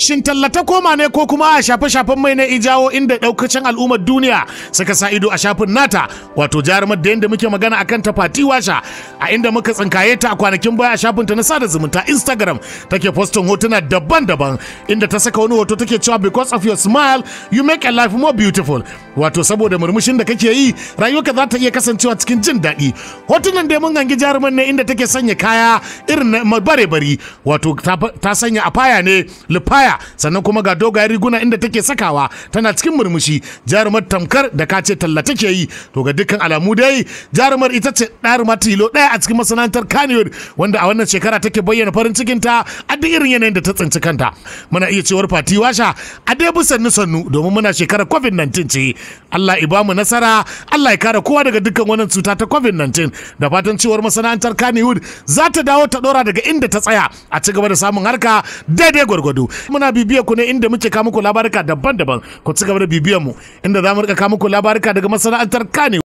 shin tallata koma ne ko kuma a shafe-shafen mai na ijawo inda daukacin al'ummar duniya suka sa ido a shafin nata wato jarumar da yadda muke magana akan ta fati washa a inda muka tsinkaye ta a kwanakin baya a shafin ta na sada zumunta instagram take postin hotuna daban-daban inda ta saka wani hoto take cewa because of your smile you make a life more beautiful wato saboda murmushin da kake yi rayuwarka za ta iya kasancewa cikin jin daɗi hotunan da mun gangi jarumar ne inda take sanya kaya irin na bare-bari wato ta sanya faya ne lufaya taya sannan kuma ga dogayen riguna inda take sakawa tana cikin murmushi jarumar tamkar da ka ce talla take yi to ga dukkan alamu dai jarumar ita ce ma tilo ɗaya a cikin masana'antar kaniwood wanda a wannan shekara take bayyana farin cikin ta a duk irin yanayin da ta tsinci kanta muna iya cewar fati washa a dai bi sannu sannu domin muna shekarar covid-19 ce Allah ya bamu nasara Allah ya kare kowa daga dukkan wannan cuta ta covid-19 da fatan cewar masana'antar kaniwood za ta dawo ta ɗora daga inda ta tsaya a ci gaba da samun harka daidai gwargwado muna bibiya ku ne inda muke kawo muku labarika daban-daban ku ci gaba da bibiyar mu inda za mu rika kawo muku labarika daga masana'antar kane